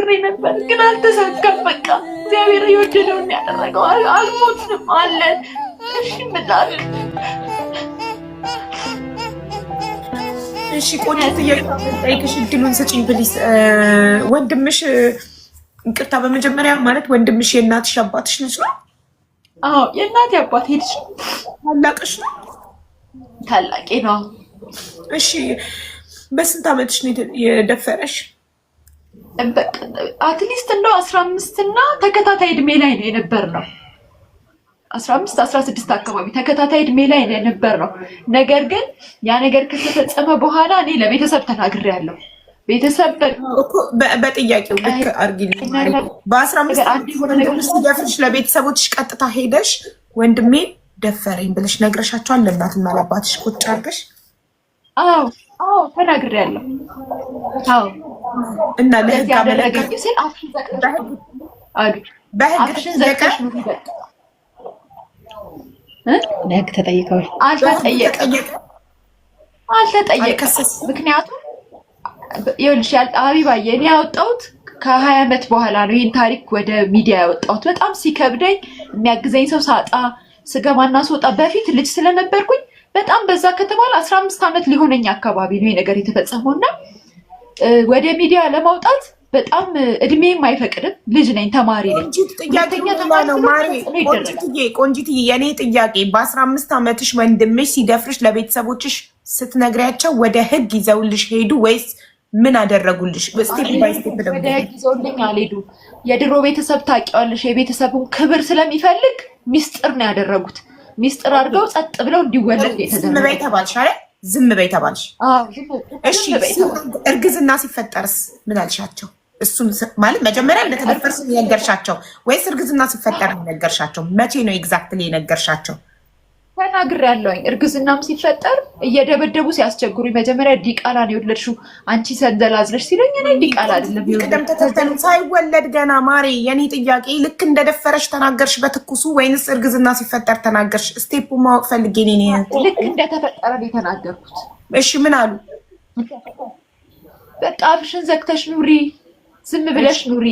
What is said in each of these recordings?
ሞክሬ ነበር ግን አልተሳካም። በቃ እግዚአብሔር የወደደውን ያደረገው። አልሞትንም አለን። እሺ እንላለን። እሺ ቆንጆ ጠይቅሽ እድሉን ስጪኝ ብሊስ። ወንድምሽ ይቅርታ፣ በመጀመሪያ ማለት ወንድምሽ የእናትሽ አባትሽ ልጅ ነው? አዎ የእናቴ አባት ሄድሽ። ታላቅሽ ነው? ታላቄ ነው። እሺ በስንት ዓመትሽ ነው የደፈረሽ? አትሊስት እንደው አስራ አምስት እና ተከታታይ እድሜ ላይ ነው የነበር ነው አስራ አምስት አስራ ስድስት አካባቢ ተከታታይ እድሜ ላይ ነው የነበር ነው። ነገር ግን ያ ነገር ከተፈጸመ በኋላ እኔ ለቤተሰብ ተናግሬያለሁ። ቤተሰብ በጥያቄው ልክ አድርጊልኝ። በአስራ አምስት ደፍርሽ ለቤተሰቦችሽ ቀጥታ ሄደሽ ወንድሜ ደፈረኝ ብለሽ ነግረሻቸዋል? ለእናትና ለአባትሽ ቁጭ አድርገሽ? አዎ አዎ ተናግሬያለሁ። አዎ እና ለህግ አመለከት ሲል በህግ ለህግ አልተጠየቀም። ምክንያቱም ይኸውልሽ እኔ ያወጣሁት ከሀያ ዓመት በኋላ ነው ይህን ታሪክ ወደ ሚዲያ ያወጣሁት። በጣም ሲከብደኝ የሚያግዘኝ ሰው ሳጣ ስገባና ስወጣ በፊት ልጅ ስለነበርኩኝ በጣም በዛ ከተባለ አስራ አምስት ዓመት ሊሆነኝ አካባቢ ነው ይሄ ነገር የተፈጸመው እና ወደ ሚዲያ ለማውጣት በጣም እድሜም አይፈቅድም። ልጅ ነኝ፣ ተማሪ ነኝ። ቆንጂትዬ የኔ ጥያቄ በአስራ አምስት ዓመትሽ ወንድምሽ ሲደፍርሽ ለቤተሰቦችሽ ስትነግሪያቸው ወደ ህግ ይዘውልሽ ሄዱ ወይስ ምን አደረጉልሽ? ወደ ህግ ይዘውልኝ አልሄዱ። የድሮ ቤተሰብ ታውቂዋለሽ፣ የቤተሰቡን ክብር ስለሚፈልግ ሚስጥር ነው ያደረጉት። ሚስጥር አድርገው ጸጥ ብለው እንዲወለድ የተደረገ ዝም በይ ተባልሽ። እሺ እርግዝና ሲፈጠርስ ምን አልሻቸው? እሱም ማለት መጀመሪያ እንደተደፈርስ የነገርሻቸው ወይስ እርግዝና ሲፈጠር የነገርሻቸው? መቼ ነው ኤግዛክትሊ የነገርሻቸው? ተናግር ያለውኝ እርግዝናም ሲፈጠር እየደበደቡ ሲያስቸግሩ መጀመሪያ ዲቃላ ነው የወለድሽው አንቺ ሰንዘላዝለሽ ሲለኝ እኔ ዲቃላ አይደለም ቅደም ሳይወለድ ገና ማሬ የኔ ጥያቄ ልክ እንደደፈረሽ ተናገርሽ በትኩሱ ወይንስ እርግዝና ሲፈጠር ተናገርሽ ስቴፑ ማወቅ ፈልጌ ኔ ልክ እንደተፈጠረ ነው የተናገርኩት እሺ ምን አሉ በቃ አፍሽን ዘግተሽ ኑሪ ዝም ብለሽ ኑሪ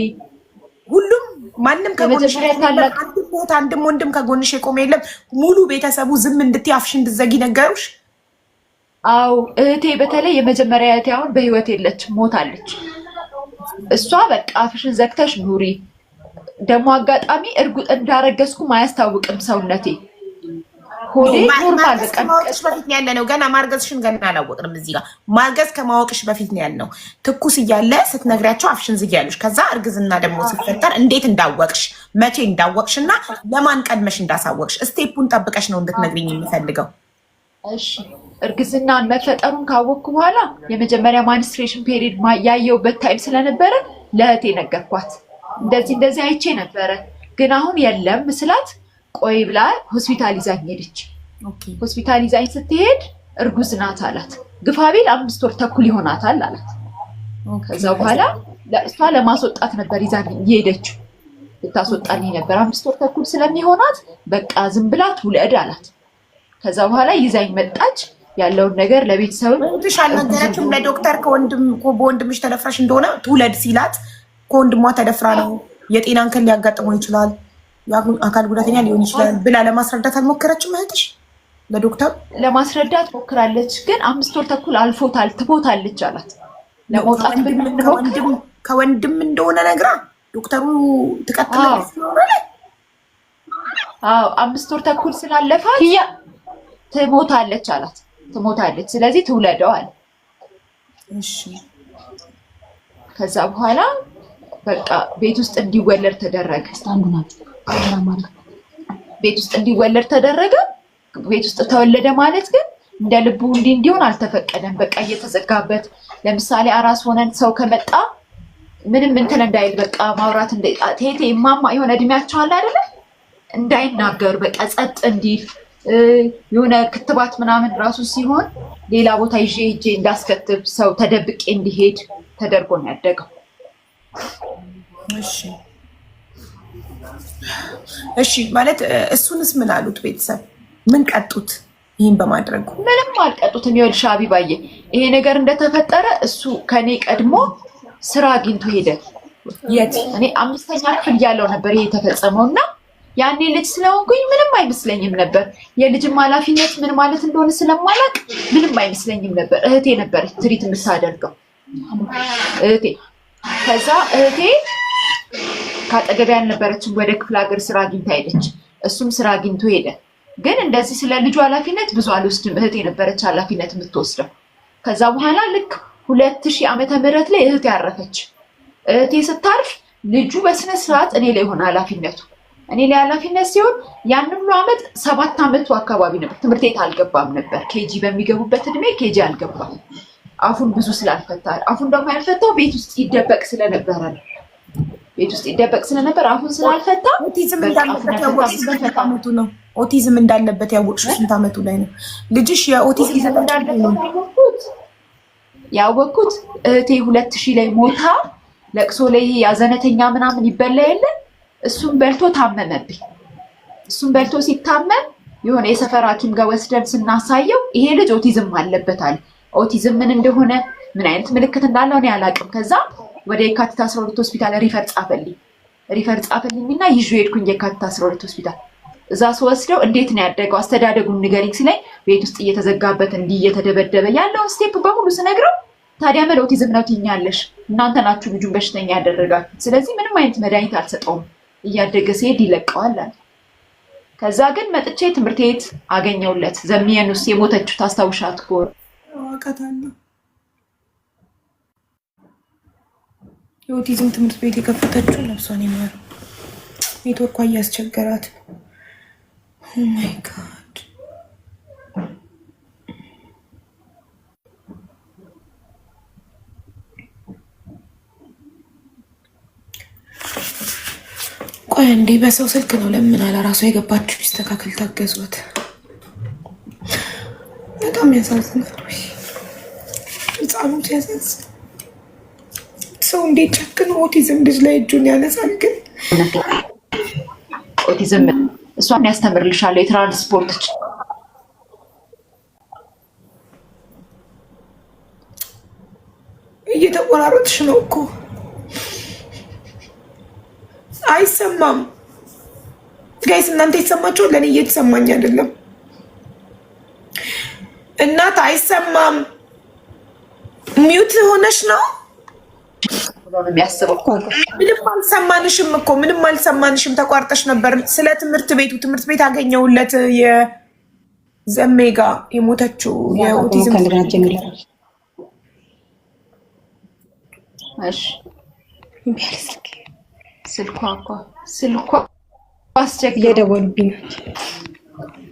ሁሉም ማንም ከመጀመሪያ ታላቅ እህት፣ አንድም ወንድም ከጎንሽ የቆመ የለም። ሙሉ ቤተሰቡ ዝም እንድትይ አፍሽ እንድትዘጊ ነገሩሽ። አው እህቴ፣ በተለይ የመጀመሪያ እህቴ አሁን በህይወት የለችም፣ ሞታለች። እሷ በቃ አፍሽን ዘግተሽ ኑሪ። ደግሞ አጋጣሚ እርጉጥ እንዳረገዝኩም አያስታውቅም ሰውነቴ ከማወቅሽ በፊት ያለ ነው። ገና ማርገዝሽን ገና አላወቅንም። እዚህ ጋር ማርገዝ ከማወቅሽ በፊት ነው ያልነው። ትኩስ እያለ ስትነግሪያቸው አፍሽን ዝግ ያሉሽ። ከዛ እርግዝና ደግሞ ሲፈጠር እንዴት እንዳወቅሽ፣ መቼ እንዳወቅሽ እና ለማን ቀድመሽ እንዳሳወቅሽ ስቴፑን ጠብቀሽ ነው እንድትነግሪኝ የሚፈልገው። እርግዝናን መፈጠሩን ካወቅኩ በኋላ የመጀመሪያ ማንስትሬሽን ፔሪድ ያየውበት ታይም ስለነበረ ለእህቴ ነገርኳት። እንደዚህ እንደዚህ አይቼ ነበረ ግን አሁን የለም ስላት ቆይ ብላ ሆስፒታል ይዛኝ ሄደች። ሆስፒታል ይዛኝ ስትሄድ እርጉዝ ናት አላት። ግፋ አምስት ወር ተኩል ይሆናታል አላት። ከዛ በኋላ እሷ ለማስወጣት ነበር ይዛ የሄደችው ልታስወጣኝ ነበር። አምስት ወር ተኩል ስለሚሆናት በቃ ዝም ብላ ትውለድ አላት። ከዛ በኋላ ይዛኝ መጣች። ያለውን ነገር ለቤተሰብ አልነገረችም ለዶክተር። በወንድምሽ ተደፍራሽ እንደሆነ ትውለድ ሲላት ከወንድሟ ተደፍራ ነው የጤናን እንከን ሊያጋጥመው ይችላል አካል ጉዳተኛ ሊሆን ይችላል ብላ ለማስረዳት አልሞከረችም ማለትሽ? ለዶክተር ለማስረዳት ሞክራለች፣ ግን አምስት ወር ተኩል አልፎታል ትቦታለች አላት። ለመውጣት ከወንድም እንደሆነ ነግራ ዶክተሩ ትቀጥላለች። አምስት ወር ተኩል ስላለፋት ትሞታለች አላት። ትሞታለች፣ ስለዚህ ትውለደው አለ። ከዛ በኋላ በቃ ቤት ውስጥ እንዲወለድ ተደረገ። ቤት ውስጥ እንዲወለድ ተደረገ። ቤት ውስጥ ተወለደ ማለት ግን እንደ ልቡ እንዲህ እንዲሆን አልተፈቀደም። በቃ እየተዘጋበት ለምሳሌ አራስ ሆነን ሰው ከመጣ ምንም እንትን እንዳይል በቃ ማውራት ቴቴ ማማ የሆነ እድሜያቸው አለ አይደለ እንዳይናገሩ በቃ ጸጥ እንዲል የሆነ ክትባት ምናምን ራሱ ሲሆን ሌላ ቦታ ይዤ ሄጄ እንዳስከትብ ሰው ተደብቄ እንዲሄድ ተደርጎ ነው ያደገው። እሺ ማለት እሱንስ ምን አሉት? ቤተሰብ ምን ቀጡት? ይህን በማድረጉ ምንም አልቀጡትም። ይኸውልሽ አቢባዬ ይሄ ነገር እንደተፈጠረ እሱ ከኔ ቀድሞ ስራ አግኝቶ ሄደ። የት እኔ አምስተኛ ክፍል እያለሁ ነበር ይሄ የተፈጸመው እና ያኔ ልጅ ስለሆንኩኝ ምንም አይመስለኝም ነበር። የልጅም ኃላፊነት ምን ማለት እንደሆነ ስለማላቅ ምንም አይመስለኝም ነበር። እህቴ ነበረች ትሪት የምታደርገው እህቴ። ከዛ እህቴ ከአጠገቢ ያልነበረችም ወደ ክፍለ ሀገር ስራ አግኝታ ሄደች። እሱም ስራ አግኝቶ ሄደ። ግን እንደዚህ ስለ ልጁ ኃላፊነት ብዙ አልወስድም፣ እህት የነበረች ኃላፊነት የምትወስደው። ከዛ በኋላ ልክ ሁለት ሺህ ዓመተ ምህረት ላይ እህት ያረፈች። እህቴ ስታርፍ ልጁ በስነ ስርዓት እኔ ላይ ሆነ ኃላፊነቱ እኔ ላይ ኃላፊነት ሲሆን ያን ሁሉ ዓመት ሰባት ዓመቱ አካባቢ ነበር። ትምህርት ቤት አልገባም ነበር። ኬጂ በሚገቡበት እድሜ ኬጂ አልገባም። አፉን ብዙ ስላልፈታ አፉን ደግሞ ያልፈታው ቤት ውስጥ ይደበቅ ስለነበረ ነው። ቤት ውስጥ ይደበቅ ስለነበር አሁን ስላልፈታ ነው። ኦቲዝም እንዳለበት ያወቅሽው ስንት ዓመቱ ላይ ነው ልጅሽ? የኦቲዝም እንዳለበት ያወቅኩት እህቴ ሁለት ሺህ ላይ ሞታ ለቅሶ ላይ ያዘነተኛ ምናምን ይበላ የለ እሱም በልቶ ታመመብኝ። እሱም በልቶ ሲታመም የሆነ የሰፈር ሐኪም ጋር ወስደን ስናሳየው ይሄ ልጅ ኦቲዝም አለበት አለ። ኦቲዝም ምን እንደሆነ ምን አይነት ምልክት እንዳለው እኔ አላውቅም። ከዛ ወደ የካቲት አስራ ሁለት ሆስፒታል ሪፈር ጻፈልኝ ሪፈር ጻፈልኝ እና ይዤ ሄድኩኝ የካቲት አስራ ሁለት ሆስፒታል እዛ ስወስደው እንዴት ነው ያደገው አስተዳደጉን ንገሪኝ ሲለኝ ቤት ውስጥ እየተዘጋበት እንዲህ እየተደበደበ ያለውን ስቴፕ በሙሉ ስነግረው ታዲያ መለውት ኦቲዝም ነው እናንተ ናችሁ ልጁን በሽተኛ ያደረጋችሁት ስለዚህ ምንም አይነት መድኃኒት አልሰጠውም እያደገ ሲሄድ ይለቀዋል አለ ከዛ ግን መጥቼ ትምህርት ቤት አገኘውለት ዘሚየኑስ የሞተችው ታስታውሻት ከሆነ የኦቲዝም ትምህርት ቤት የከፈተችው ነፍሷን ይማረው። ኔትወርኳ እያስቸገራት ማይጋድ ኦ ማይ ጋድ ቆይ እንዴ! በሰው ስልክ ነው ለምን አለ ራሷ የገባችሁ ይስተካከል፣ ታገዟት። በጣም ያሳዝናል። ህፃኑ ያሳዝናል። ሰው እንዴት ጨክኖ ኦቲዝም ልጅ ላይ እጁን ያነሳል? ግን ኦቲዝም እሷን ያስተምርልሻል። የትራንስፖርት እየተቆራረጥሽ ነው እኮ አይሰማም። ጋይስ እናንተ የተሰማቸው ለእኔ እየተሰማኝ አይደለም። እናት አይሰማም። ሚውት ሆነሽ ነው ምንም አልሰማንሽም እኮ ምንም አልሰማንሽም። ተቋርጠሽ ነበር። ስለ ትምህርት ቤቱ ትምህርት ቤት አገኘውለት የዘሜጋ የሞተችው የኦቲዝም ስልኳ እየደወሉብኝ ናቸው